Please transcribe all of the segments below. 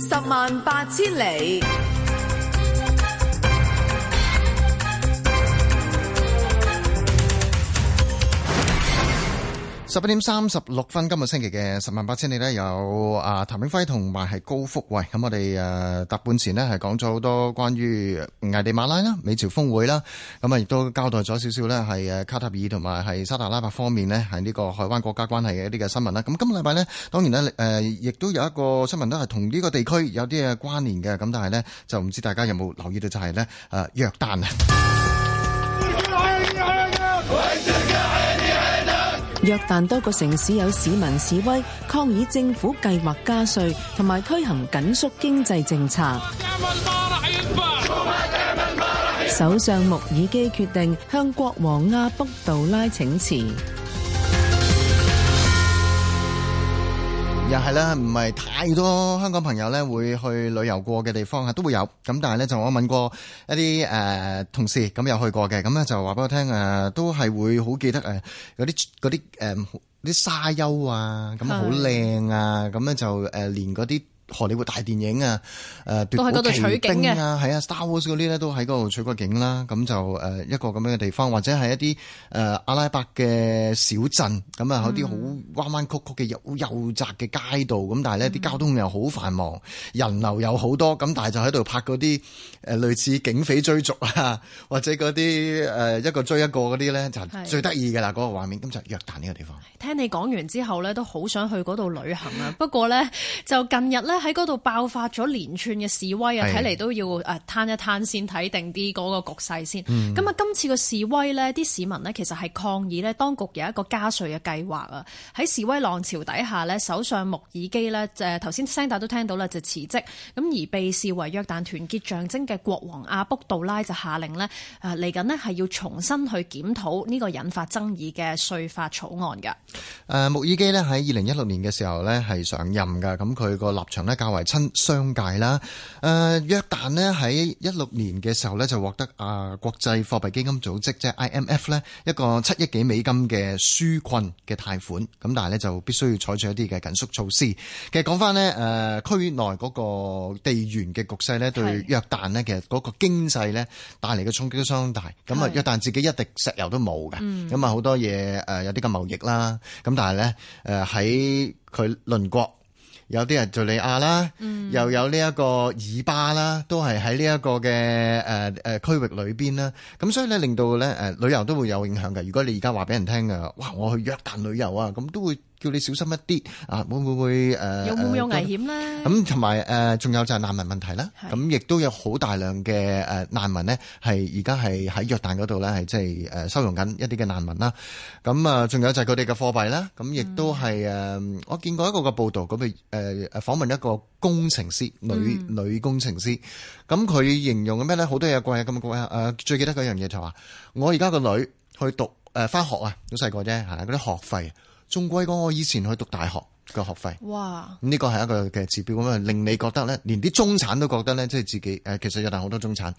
十萬八千里。十一點三十六分，今日星期嘅十萬八千里呢，有啊譚永輝同埋係高福慧，咁、嗯、我哋誒踏半前呢，係講咗好多關於危地馬拉啦、美朝峰會啦，咁啊亦都交代咗少少呢，係誒卡塔爾同埋係沙特阿拉伯方面呢，係呢個海灣國家關係嘅一啲嘅新聞啦。咁、嗯、今個禮拜呢，當然呢，誒、呃、亦都有一個新聞都係同呢個地區有啲嘅關聯嘅，咁、嗯、但係呢，就唔知大家有冇留意到就係呢誒約旦啊。約旦多個城市有市民示威，抗議政府計劃加稅同埋推行緊縮經濟政策，首相穆爾基決定向國王阿卜杜拉請辭。又係啦，唔係太多香港朋友咧會去旅遊過嘅地方啊，都會有。咁但係咧就我問過一啲誒、呃、同事，咁、嗯、有去過嘅，咁、嗯、咧就話俾我聽誒、啊，都係會好記得誒，啲啲誒啲沙丘啊，咁好靚啊，咁、嗯、咧就誒、呃、連嗰啲。荷里活大電影啊，誒都喺度取景啊，係啊，《Star Wars》啲咧都喺度取過景啦。咁就誒一個咁樣嘅地方，或者係一啲誒、呃、阿拉伯嘅小鎮咁啊，有啲好彎彎曲曲嘅幼幼窄嘅街道，咁但係咧啲交通又好繁忙，人流又好多，咁但係就喺度拍啲誒類似警匪追逐啊，或者啲誒、呃、一個追一個啲咧就是、最得意嘅啦，嗰個畫面。咁就約旦呢個地方，聽你講完之後咧，都好想去度旅行啊。不過咧，就近日咧。 喺嗰度爆發咗連串嘅示威啊！睇嚟都要誒攤一攤先睇定啲嗰個局勢先。咁啊、嗯，今次個示威呢，啲市民呢，其實係抗議呢，當局有一個加稅嘅計劃啊！喺示威浪潮底下呢，首相穆爾基呢，就頭先聲帶都聽到啦，就辭職。咁而被視為約旦團結，團結象徵嘅國王阿卜杜拉就下令呢，誒嚟緊呢係要重新去檢討呢個引發爭議嘅稅法草案嘅。誒、呃、穆爾基呢，喺二零一六年嘅時候呢，係上任嘅，咁佢個立場。呢較為親商界啦，誒、呃、約旦呢喺一六年嘅時候呢就獲得啊、呃、國際貨幣基金組織即係 IMF 呢一個七億幾美金嘅紓困嘅貸款，咁但係呢，就必須要採取一啲嘅緊縮措施。其實講返呢，誒、呃，區內嗰個地緣嘅局勢呢對約旦呢其實嗰個經濟呢帶嚟嘅衝擊都相當大。咁啊，約旦自己一滴石油都冇嘅，咁啊好多嘢誒、呃、有啲咁貿易啦。咁但係呢，誒喺佢鄰國。有啲係敍利亞啦，嗯、又有呢一個以巴啦，都係喺呢一個嘅誒誒區域裏邊啦。咁所以咧，令到咧誒、呃、旅遊都會有影響嘅。如果你而家話俾人聽啊，哇！我去約旦旅遊啊，咁都會。叫你小心一啲啊！會唔會誒有冇有危險咧？咁同埋誒，仲有就係難民問題啦。咁亦都有好大量嘅誒難民咧，係而家係喺約旦嗰度咧，係即係誒收容緊一啲嘅難民啦。咁啊，仲有就係佢哋嘅貨幣啦。咁亦都係誒，我見過一個嘅報道，咁譬如誒訪問一個工程師，女女工程師，咁佢形容嘅咩咧？好多嘢貴，咁貴啊！誒最記得嗰樣嘢就話，我而家個女去讀誒翻學啊，好細個啫嚇，嗰啲學費。仲貴過，我以前去讀大學嘅學費，哇！咁呢個係一個嘅指標，咁啊，令你覺得咧，連啲中產都覺得咧，即係自己誒，其實有但好多中產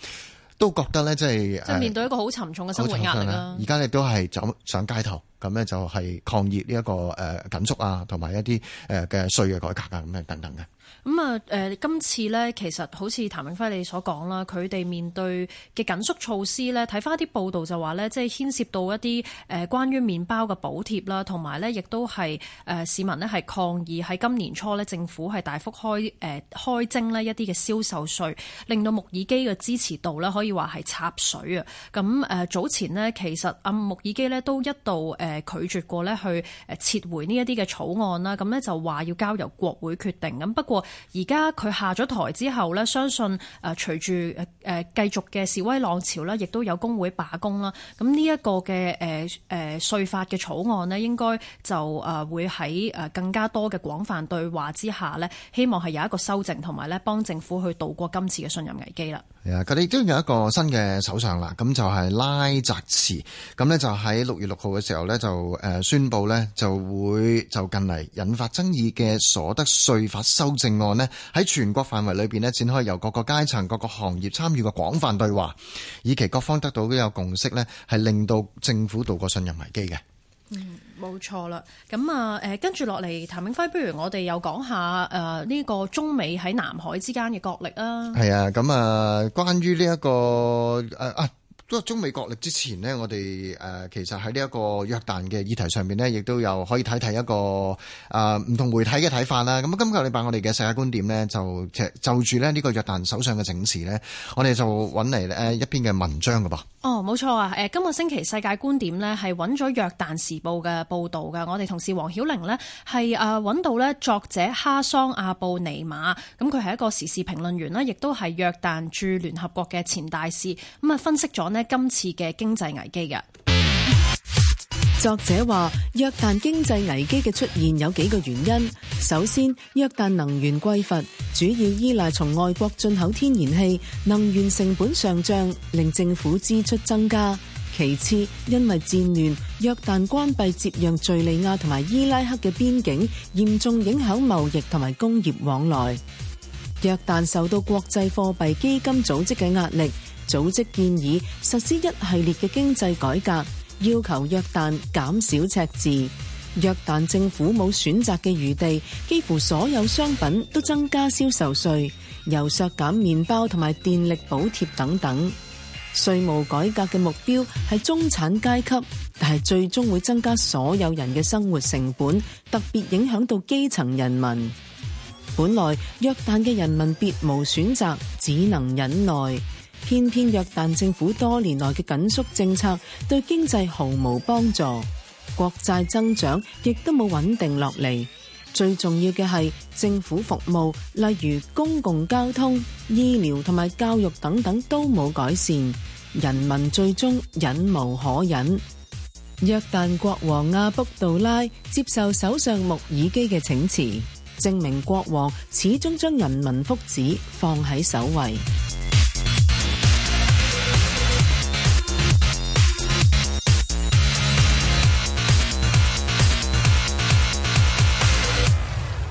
都覺得咧，即、呃、係就面對一個好沉重嘅生活壓力啦。而家亦都係走上街頭，咁咧就係、是、抗議呢一個誒緊縮啊，同埋一啲誒嘅稅嘅改革啊，咁樣等等嘅。咁啊誒，今次呢，其實好似譚永輝你所講啦，佢哋面對嘅緊縮措施呢，睇翻一啲報道就話呢，即係牽涉到一啲誒、呃、關於麵包嘅補貼啦，同埋呢亦都係誒、呃、市民呢係抗議喺今年初呢，政府係大幅開誒、呃、開徵呢一啲嘅銷售稅，令到穆爾基嘅支持度呢可以話係插水啊！咁、嗯、誒、呃、早前呢，其實阿穆爾基呢都一度誒拒絕過呢去誒撤回呢一啲嘅草案啦，咁、啊、呢就話要交由國會決定咁不過。而家佢下咗台之後呢，相信誒隨住誒繼續嘅示威浪潮呢，亦都有工會罷工啦。咁呢一個嘅誒誒稅法嘅草案呢，應該就誒、呃、會喺誒更加多嘅廣泛對話之下呢，希望係有一個修正，同埋呢幫政府去渡過今次嘅信任危機啦。係啊，佢哋都有一個新嘅首相啦。咁就係拉扎茲。咁呢，就喺六月六號嘅時候呢，就誒宣布呢就會就近嚟引發爭議嘅所得稅法修正。另外咧，喺全國範圍裏邊咧，展開由各個階層、各個行業參與嘅廣泛對話，以期各方得到呢個共識咧，係令到政府渡過信任危機嘅。嗯，冇錯啦。咁啊，誒，跟住落嚟，譚永輝，不如我哋又講下誒呢個中美喺南海之間嘅角力啊。係啊，咁啊，關於呢一個誒啊。喺中美角力之前呢，我哋誒其實喺呢一個約旦嘅議題上面呢，亦都有可以睇睇一個啊唔同媒體嘅睇法啦。咁今個禮拜我哋嘅世界觀點呢，就就住咧呢個約旦首相嘅請辭呢，我哋就揾嚟誒一篇嘅文章嘅噃。哦，冇錯啊！誒，今個星期世界觀點呢，係揾咗約旦時報嘅報導嘅。我哋同事黃曉玲呢，係啊揾到咧作者哈桑阿布尼馬，咁佢係一個時事評論員啦，亦都係約旦駐聯合國嘅前大使。咁啊，分析咗咧。今次嘅經濟危機嘅，作者話約旦經濟危機嘅出現有幾個原因。首先，約旦能源匱乏，主要依賴從外國進口天然氣，能源成本上漲，令政府支出增加。其次，因為戰亂，約旦關閉接壤敘利亞同埋伊拉克嘅邊境，嚴重影響貿易同埋工業往來。約旦受到國際貨幣基金組織嘅壓力。組織建議實施一系列嘅經濟改革，要求約旦減少赤字。PNP，約旦政府多年來的緊縮政策對經濟毫無幫助。國債增長亦都沒有穩定下來。最重要的是政府服務，例如公共交通、醫療和教育等等都沒有改善。人民最終隱謀可忍。約旦國王阿伯杜拉接受手上目以及的懲持，證明國王始終將人民福祉放在守衛。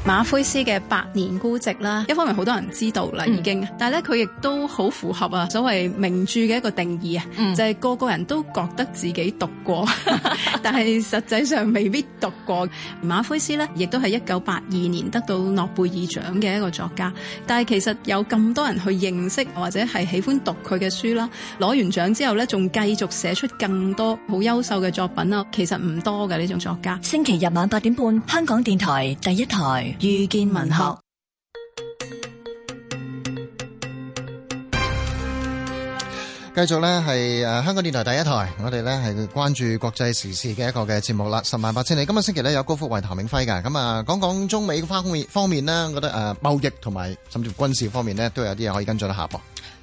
馬奎斯嘅《百年孤寂》啦，一方面好多人知道啦已經，嗯、但係咧佢亦都好符合啊所謂名著嘅一個定義啊，嗯、就係個個人都覺得自己讀過，嗯、 但係實際上未必讀過。馬奎斯咧，亦都係一九八二年得到諾貝爾獎嘅一個作家，但係其實有咁多人去認識或者係喜歡讀佢嘅書啦，攞完獎之後咧仲繼續寫出更多好優秀嘅作品啦，其實唔多嘅呢種作家。星期日晚八點半，香港電台第一台。遇見文學，繼續咧係誒香港電台第一台，我哋咧係關注國際時事嘅一個嘅節目啦。十萬八千里，今日星期咧有高福慧、譚永輝嘅咁啊，講講中美嘅方面方面咧，我覺得誒貿易同埋甚至軍事方面咧都有啲嘢可以跟進一下噃。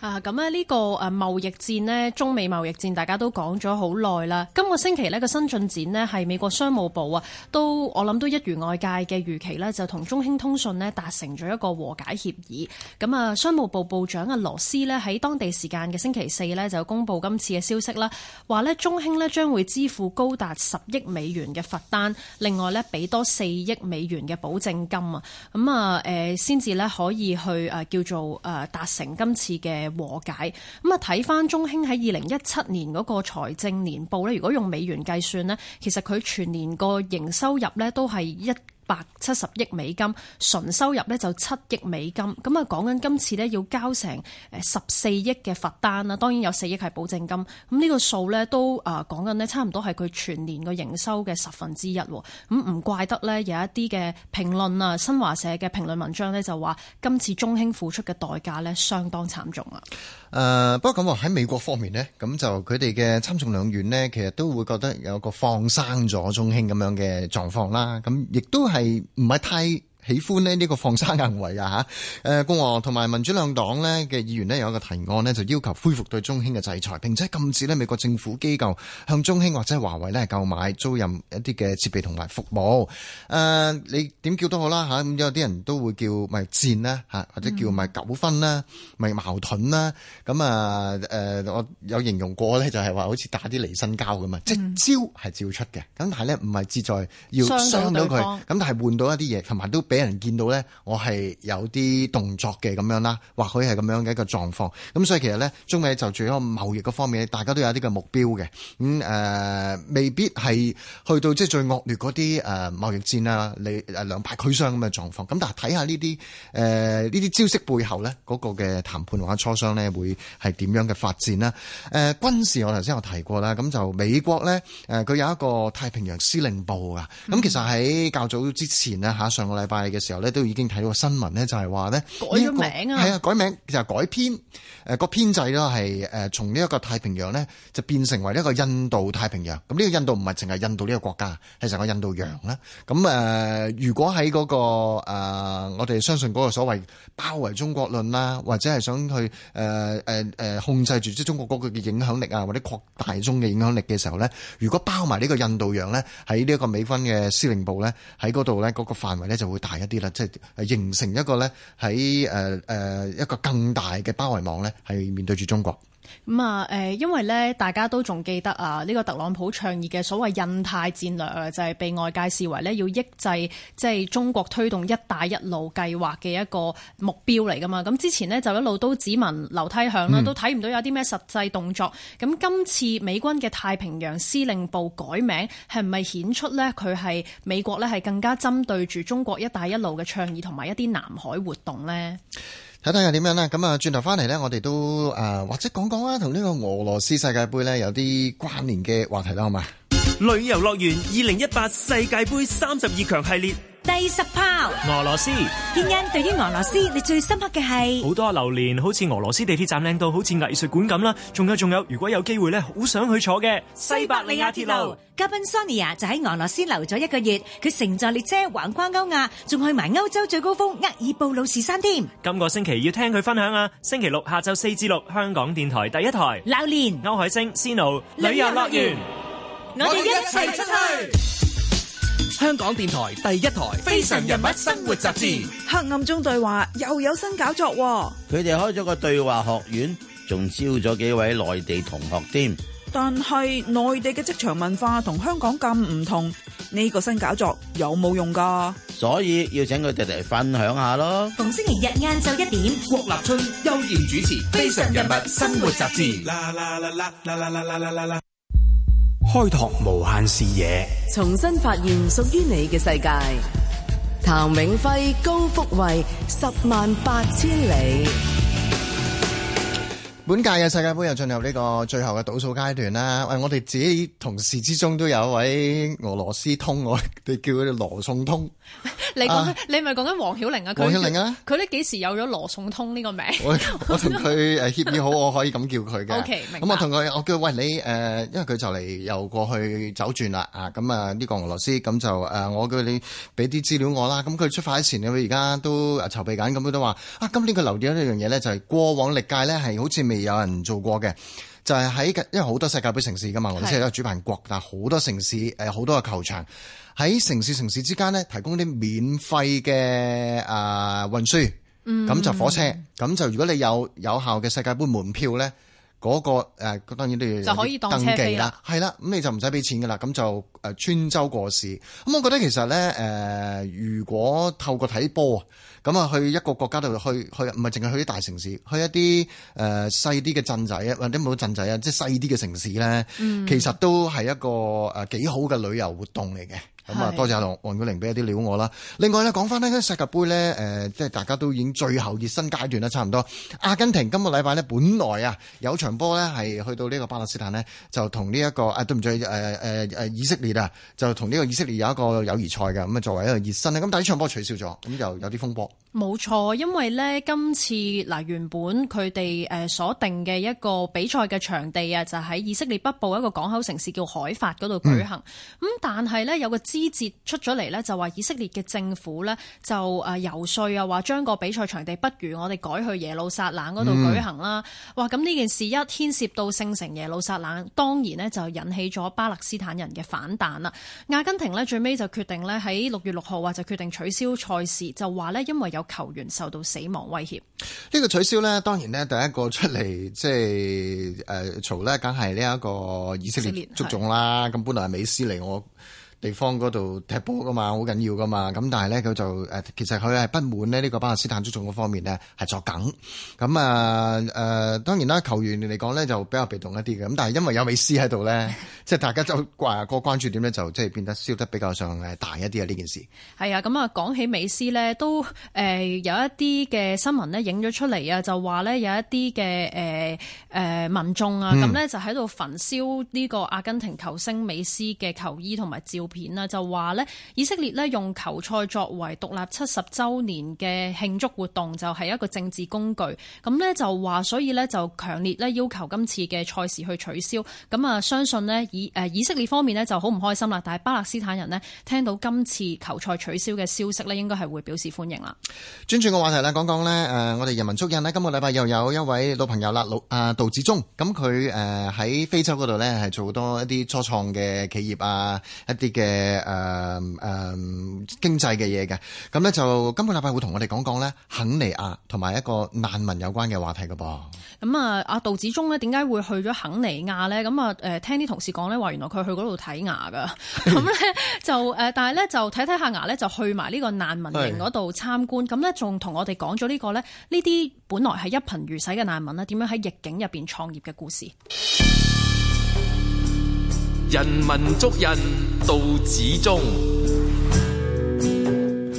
啊，咁呢呢個誒貿易戰呢，中美貿易戰大家都講咗好耐啦。今個星期呢個新進展呢，係美國商務部啊，都我諗都一如外界嘅預期呢，就同中興通訊呢達成咗一個和解協議。咁啊，商務部部長阿、啊、羅斯呢，喺當地時間嘅星期四呢，就公布今次嘅消息啦，話呢，中興呢將會支付高達十億美元嘅罰單，另外呢俾多四億美元嘅保證金啊。咁啊誒，先至呢可以去誒、呃、叫做誒、呃、達成今次嘅和解。咁啊，睇翻中興喺二零一七年嗰個財政年報咧，如果用美元計算呢，其實佢全年個營收入呢都係一百七十億美金，純收入呢，就七億美金，咁啊講緊今次呢，要交成誒十四億嘅罰單啦，當然有四億係保證金，咁呢個數呢，都啊講緊呢，差唔多係佢全年個營收嘅十分之一喎，咁唔怪得呢，有一啲嘅評論啊，新華社嘅評論文章呢，就話今次中興付出嘅代價呢，相當慘重啊。誒、呃，不過咁話喺美國方面呢，咁就佢哋嘅參眾兩院呢，其實都會覺得有個放生咗中興咁樣嘅狀況啦，咁亦都。係唔係太？喜歡咧呢個放生行為啊嚇！誒，共和同埋民主兩黨呢嘅議員呢，有一個提案呢，就要求恢復對中興嘅制裁，並且禁止呢美國政府機構向中興或者係華為呢購買租賃一啲嘅設備同埋服務。誒、啊，你點叫都好啦嚇，咁、啊、有啲人都會叫咪戰啦嚇、啊，或者叫咪糾紛啦，咪、嗯、矛盾啦。咁啊誒、呃，我有形容過呢，就係話好似打啲離身膠咁啊，嗯、即招係照出嘅。咁但係呢唔係志在要傷到佢，咁但係換到一啲嘢，同埋都俾。俾人見到咧，我係有啲動作嘅咁樣啦，或許係咁樣嘅一個狀況。咁所以其實咧，中美就住喺個貿易嗰方面，大家都有啲嘅目標嘅。咁、嗯、誒、呃，未必係去到即係最惡劣嗰啲誒貿易戰啦，你誒兩敗俱傷咁嘅狀況。咁但係睇下呢啲誒呢啲招式背後咧，嗰、那個嘅談判或者磋商咧，會係點樣嘅發展啦？誒、呃、軍事我頭先有提過啦，咁就美國咧誒，佢、呃、有一個太平洋司令部㗎。咁、嗯、其實喺較早之前呢，嚇，上個禮拜，嘅時候咧，都已經睇到個新聞咧，就係話咧改咗名啊，係啊，改名就係改編誒，個編制啦係誒，從呢一個太平洋咧就變成為呢個印度太平洋。咁呢個印度唔係淨係印度呢個國家，係成個印度洋啦。咁誒，如果喺嗰個誒，我哋相信嗰個所謂包圍中國論啦，或者係想去誒誒誒控制住即係中國嗰個嘅影響力啊，或者擴大中國嘅影響力嘅時候咧，如果包埋呢個印度洋咧，喺呢一個美軍嘅司令部咧，喺嗰度咧嗰個範圍咧就會大一啲啦，即係誒，形成一個咧，喺誒誒一個更大嘅包圍網咧，係面對住中國。咁啊，誒，因為咧，大家都仲記得啊，呢個特朗普倡議嘅所謂印太戰略啊，就係被外界視為咧要抑制即係中國推動一帶一路計劃嘅一個目標嚟㗎嘛。咁之前呢，就一路都只聞樓梯響啦，都睇唔到有啲咩實際動作。咁、嗯、今次美軍嘅太平洋司令部改名，係唔係顯出呢？佢係美國咧係更加針對住中國一帶一路嘅倡議同埋一啲南海活動呢？睇睇係點樣啦，咁、呃、啊，轉頭翻嚟咧，我哋都誒或者講講啊，同呢個俄羅斯世界盃咧有啲關聯嘅話題啦，好嘛？旅遊樂園二零一八世界盃三十二強系列。第十炮，俄羅斯。天恩對於俄羅斯，你最深刻嘅係？好多榴蓮，好似俄羅斯地鐵站靚到好似藝術館咁啦。仲有仲有，如果有機會咧，好想去坐嘅西伯利亞鐵路。嘉賓 Sonia 就喺俄羅斯留咗一個月，佢乘坐列車橫跨歐亞，仲去埋歐洲最高峰厄爾布魯士山添。今個星期要聽佢分享啊！星期六下晝四至六，香港電台第一台。榴蓮，歐海星，Sino，旅遊樂園。我哋一齊出去。香港電台第一台《非常人物生活雜誌》，黑暗中對話又有新搞作喎，佢哋開咗個對話學院，仲招咗幾位內地同學添。但係內地嘅職場文化同香港咁唔同，呢個新搞作有冇用噶？所以要請佢哋嚟分享下咯。逢星期日晏晝一點，郭立春、優妍主持《非常人物生活雜誌》。開拓無限視野，重新發現屬於你嘅世界。譚永輝、高福慧，十萬八千里。本屆嘅世界杯又進入呢個最後嘅倒數階段啦。誒，我哋自己同事之中都有一位俄羅斯通，我哋叫佢羅宋通。你講，你咪講緊黃曉玲啊？黃曉玲啊，佢咧幾時有咗羅宋通呢個名我？我同佢誒協議好，我可以咁叫佢嘅。咁、okay, 明。我同佢，我叫喂你誒、呃，因為佢就嚟又過去走轉啦啊！咁啊呢個俄羅斯咁就誒、啊，我叫你俾啲資料我啦。咁佢出發前，佢而家都誒籌備緊。咁佢都話啊，今年佢留意咗一樣嘢咧，就係、是、過往歷屆咧係好似未有人做過嘅，就係、是、喺因為好多世界杯城市噶嘛，俄羅斯係一個主辦國，但好多城市誒，好多嘅球場。喺城市城市之間咧，提供啲免費嘅啊、呃、運輸，咁就火車，咁就如果你有有效嘅世界盃門票咧，嗰、那個誒、呃、當然都要登記就可以當車飛啦，係啦，咁你就唔使俾錢噶啦，咁就誒穿、呃、州過市。咁、嗯、我覺得其實咧誒、呃，如果透過睇波啊，咁啊去一個國家度去去，唔係淨係去啲大城市，去一啲誒、呃、細啲嘅鎮仔啊，或者冇鎮仔啊，即、就、係、是、細啲嘅城市咧，嗯、其實都係一個誒幾好嘅旅遊活動嚟嘅。咁啊、嗯，多謝阿龍、黃國玲俾一啲料我啦。另外咧，講翻呢咧世界杯咧，誒、呃，即係大家都已經最後熱身階段啦，差唔多。阿根廷今個禮拜呢，本來啊有場波咧，係去到呢個巴勒斯坦呢，就同呢一個啊，對唔住誒誒誒，以色列啊，就同呢個以色列有一個友誼賽嘅，咁啊作為一個熱身咧。咁第一啲場波取消咗，咁就有啲風波。冇錯，因為呢，今次嗱、呃、原本佢哋誒所定嘅一個比賽嘅場地啊，就喺、是、以色列北部一個港口城市叫海法嗰度舉行。咁、嗯、但係呢，有個枝節出咗嚟，呢就話以色列嘅政府呢，就誒游、呃、說啊，話將個比賽場地不如我哋改去耶路撒冷嗰度舉行啦。嗯、哇！咁呢件事一牽涉到聖城耶路撒冷，當然呢，就引起咗巴勒斯坦人嘅反彈啦。阿根廷呢，最尾就決定呢，喺六月六號話就決定取消賽事，就話呢，因為有。球員受到死亡威脅，呢個取消咧，當然咧，第一個出嚟即係誒，嘈、呃、咧，梗係呢一個以色列足總啦。咁的本來係美斯嚟，我。地方嗰度踢波噶嘛，好緊要噶嘛。咁但係咧，佢就誒其實佢係不滿咧，呢、這個巴勒斯坦足總嗰方面咧，係作梗。咁啊誒當然啦，球員嚟講咧就比較被動一啲嘅。咁但係因為有美斯喺度咧，即係大家就話個關注點咧就即係變得燒得比較上誒大一啲啊！呢件事係啊，咁啊講起美斯咧，都誒、呃、有一啲嘅新聞咧影咗出嚟、呃呃、啊，嗯、就話咧有一啲嘅誒誒民眾啊，咁咧就喺度焚燒呢個阿根廷球星美斯嘅球衣同埋照片啦，就話咧，以色列咧用球賽作為獨立七十周年嘅慶祝活動，就係、是、一個政治工具。咁呢就話，所以呢就強烈咧要求今次嘅賽事去取消。咁啊，相信呢，以誒以色列方面呢就好唔開心啦。但係巴勒斯坦人呢，聽到今次球賽取消嘅消息呢，應該係會表示歡迎啦。轉轉個話題啦，講講呢，誒、呃，我哋人文足印呢，今個禮拜又有一位老朋友啦，老啊杜子中。咁佢誒喺非洲嗰度呢，係做多一啲初創嘅企業啊，一啲。嘅誒誒經濟嘅嘢嘅，咁咧就今個禮拜會同我哋講講咧肯尼亞同埋一個難民有關嘅話題㗎噃。咁啊，阿杜子中咧點解會去咗肯尼亞咧？咁啊誒，聽啲同事講咧話，原來佢去嗰度睇牙噶。咁咧 就誒，但係咧就睇睇下牙咧，就去埋呢個難民營嗰度參觀。咁咧仲同我哋講咗呢個咧，呢啲本來係一貧如洗嘅難民咧，點樣喺逆境入邊創業嘅故事。人文足印杜子中，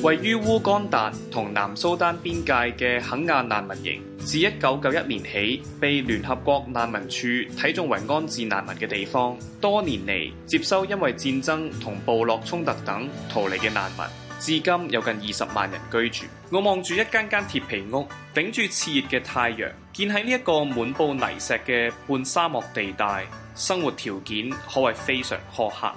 位於烏干達同南蘇丹邊界嘅肯亞難民營，自一九九一年起被聯合國難民署睇中為安置難民嘅地方，多年嚟接收因為戰爭同部落衝突等逃離嘅難民。至今有近二十萬人居住。我望住一間間鐵皮屋，頂住炙熱嘅太陽，建喺呢一個滿佈泥石嘅半沙漠地帶，生活條件可謂非常苛刻。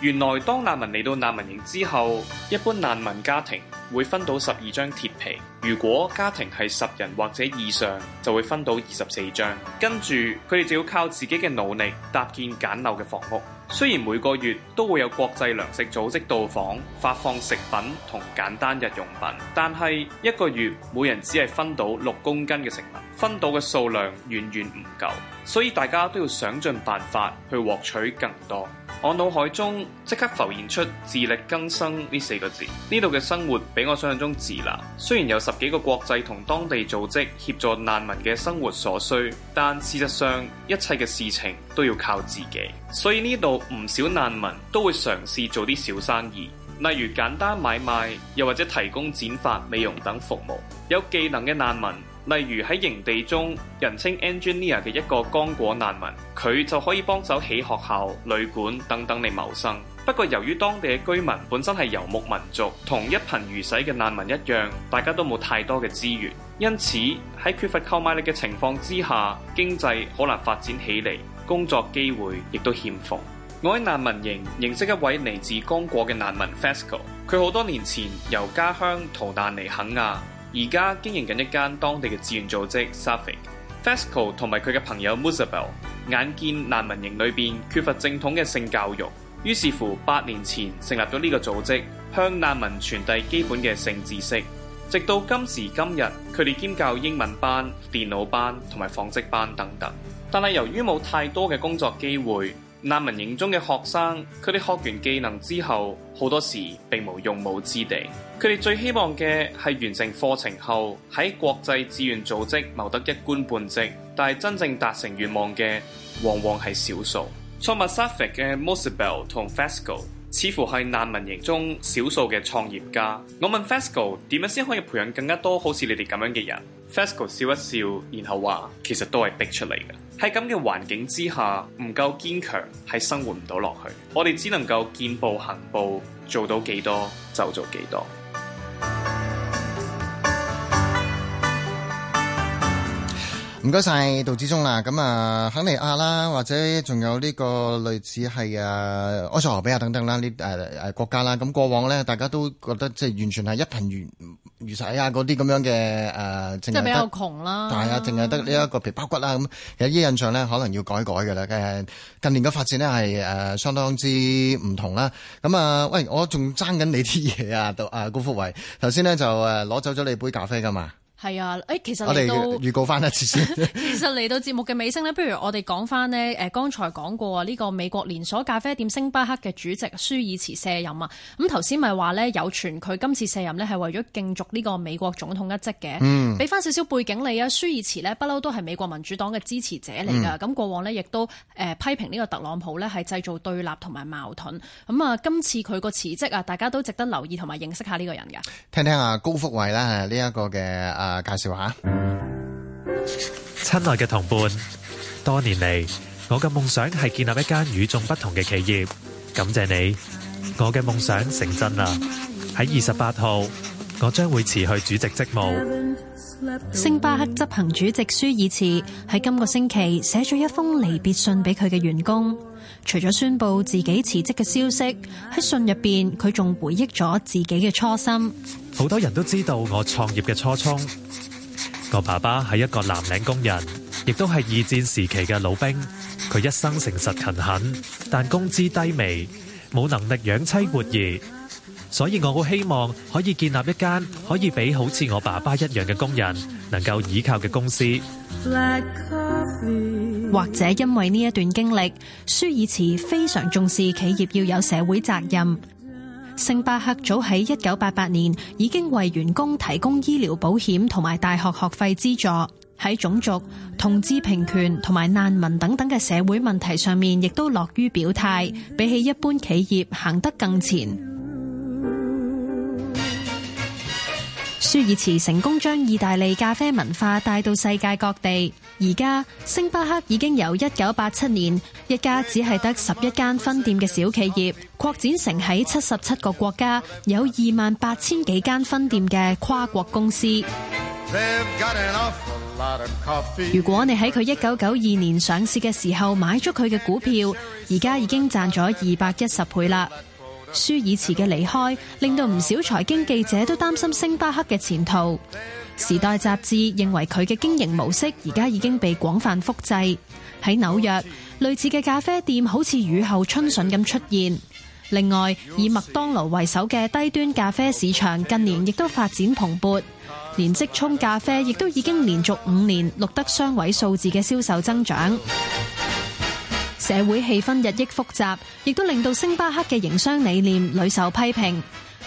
原來當難民嚟到難民營之後，一般難民家庭會分到十二張鐵皮，如果家庭係十人或者以上，就會分到二十四張。跟住佢哋就要靠自己嘅努力搭建簡陋嘅房屋。雖然每個月都會有國際糧食組織到訪，發放食品同簡單日用品，但係一個月每人只係分到六公斤嘅食物。分到嘅數量遠遠唔夠，所以大家都要想盡辦法去獲取更多。我腦海中即刻浮現出自力更生呢四個字。呢度嘅生活比我想象中自立。雖然有十幾個國際同當地組織協助難民嘅生活所需，但事實上一切嘅事情都要靠自己。所以呢度唔少難民都會嘗試做啲小生意，例如簡單買賣，又或者提供剪髮、美容等服務。有技能嘅難民。例如喺營地中，人稱 Engineer 嘅一個剛果難民，佢就可以幫手起學校、旅館等等嚟謀生。不過由於當地嘅居民本身係游牧民族，同一貧如洗嘅難民一樣，大家都冇太多嘅資源，因此喺缺乏購買力嘅情況之下，經濟好難發展起嚟，工作機會亦都欠奉。我喺難民營認識一位嚟自剛果嘅難民 Fesco，佢好多年前由家鄉逃難嚟肯亞。而家經營緊一間當地嘅志願組織 Suffic，Fasco 同埋佢嘅朋友 Musabel 眼見難民營裏邊缺乏正統嘅性教育，於是乎八年前成立咗呢個組織，向難民傳遞基本嘅性知識。直到今時今日，佢哋兼教英文班、電腦班同埋紡織班等等。但係由於冇太多嘅工作機會，難民營中嘅學生，佢哋學完技能之後，好多時並無用武之地。佢哋最希望嘅係完成課程後，喺國際志願組織謀得一官半職。但係真正達成願望嘅，往往係少數。創辦 Sofic 嘅 Mosibel 同 Fesco 似乎係難民營中少數嘅創業家。我問 Fesco 點樣先可以培養更加多好似你哋咁樣嘅人。Fesco 笑一笑，然後話：其實都係逼出嚟嘅。喺咁嘅環境之下，唔夠堅強，係生活唔到落去。我哋只能夠見步行步，做到幾多就做幾多。唔該晒，杜子中啦，咁啊肯尼亞啦，或者仲有呢個類似係啊埃塞俄比亞等等啦，呢誒誒國家啦，咁、啊、過往咧，大家都覺得即係完全係一貧如。魚仔啊，嗰啲咁樣嘅誒，淨、呃、係得，即係比較窮啦，但係啊，淨係得呢一個皮包骨啦，咁有啲印象咧，可能要改改嘅啦。誒，近年嘅發展咧係誒相當之唔同啦。咁、嗯、啊，喂，我仲爭緊你啲嘢啊，阿高福慧，頭先咧就誒攞走咗你杯咖啡噶嘛。係啊，誒，其實我哋預告翻一次先。 其實嚟到節目嘅尾聲呢，不如我哋講翻呢。誒，剛才講過啊，呢個美國連鎖咖啡店星巴克嘅主席舒爾茨卸任啊。咁頭先咪話呢，有傳佢今次卸任呢係為咗競逐呢個美國總統一職嘅。嗯。俾翻少少背景你啊，舒爾茨呢不嬲都係美國民主黨嘅支持者嚟㗎。咁、嗯、過往呢，亦都誒批評呢個特朗普呢係製造對立同埋矛盾。咁啊，今次佢個辭職啊，大家都值得留意同埋認識下呢個人㗎。聽聽啊，高福慧啦、這個，呢一個嘅啊！介紹下，親愛嘅同伴，多年嚟我嘅夢想係建立一間與眾不同嘅企業。感謝你，我嘅夢想成真啦！喺二十八號，我將會辭去主席職務。星巴克執行主席舒爾茨喺今個星期寫咗一封離別信俾佢嘅員工，除咗宣布自己辭職嘅消息，喺信入邊佢仲回憶咗自己嘅初心。好多人都知道，我創業嘅初衷，我爸爸係一個藍領工人，亦都係二戰時期嘅老兵，佢一生誠實勤懇，但工資低微，冇能力養妻活兒，所以我好希望可以建立一間可以俾好似我爸爸一樣嘅工人能夠倚靠嘅公司。星巴克早喺一九八八年已經為員工提供醫療保險同埋大學學費資助，喺種族同志平權同埋難民等等嘅社會問題上面，亦都樂於表態，比起一般企業行得更前。 舒爾茨成功將意大利咖啡文化帶到世界各地。而家星巴克已經由一九八七年一家只係得十一間分店嘅小企業，擴展成喺七十七個國家有二萬八千幾間分店嘅跨國公司。Coffee, 如果你喺佢一九九二年上市嘅時候買咗佢嘅股票，而家已經賺咗二百一十倍啦。舒爾茨嘅離開，令到唔少財經記者都擔心星巴克嘅前途。時代雜誌認為佢嘅經營模式而家已經被廣泛複製。喺紐約，類似嘅咖啡店好似雨後春筍咁出現。另外，以麥當勞為首嘅低端咖啡市場近年亦都發展蓬勃，連即沖咖啡亦都已經連續五年錄得雙位數字嘅銷售增長。社會氣氛日益複雜，亦都令到星巴克嘅營商理念屢受批評。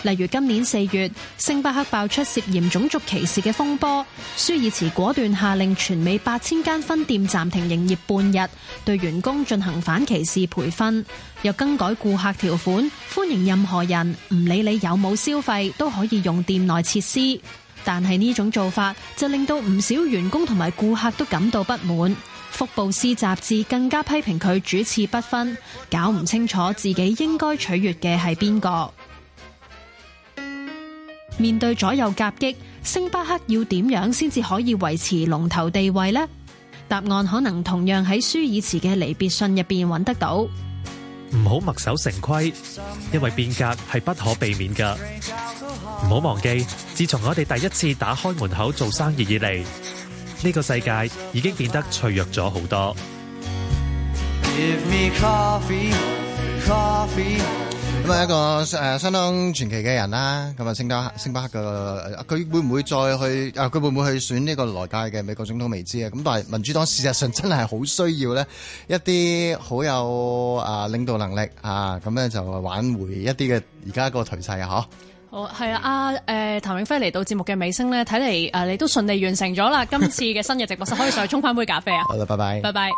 例如今年四月，星巴克爆出涉嫌種族歧視嘅風波，舒爾茨果斷下令全美八千間分店暫停營業半日，對員工進行反歧視培訓，又更改顧客條款，歡迎任何人，唔理你有冇消費都可以用店內設施。但係呢種做法就令到唔少員工同埋顧客都感到不滿。福布斯雜誌更加批評佢主次不分，搞唔清楚自己應該取悦嘅係邊個。面對左右夾擊，星巴克要點樣先至可以維持龍頭地位呢？答案可能同樣喺舒爾茨嘅離別信入邊揾得到。唔好墨守成規，因為變革係不可避免噶。唔好忘記，自從我哋第一次打開門口做生意以嚟。呢個世界已經變得脆弱咗好多。咁啊，一個誒相當傳奇嘅人啦。咁啊，星巴克、星巴克嘅佢會唔會再去啊？佢會唔會去選呢個來屆嘅美國總統未知啊。咁但係民主黨事實上真係好需要咧，一啲好有啊領導能力啊，咁咧就挽回一啲嘅而家個頹勢啊！嗬。好，係啊！阿、呃、誒，譚永輝嚟到節目嘅尾聲咧，睇嚟誒你都順利完成咗啦， 今次嘅新日直播室可以上去沖返杯咖啡啊！好啦，拜拜，拜拜。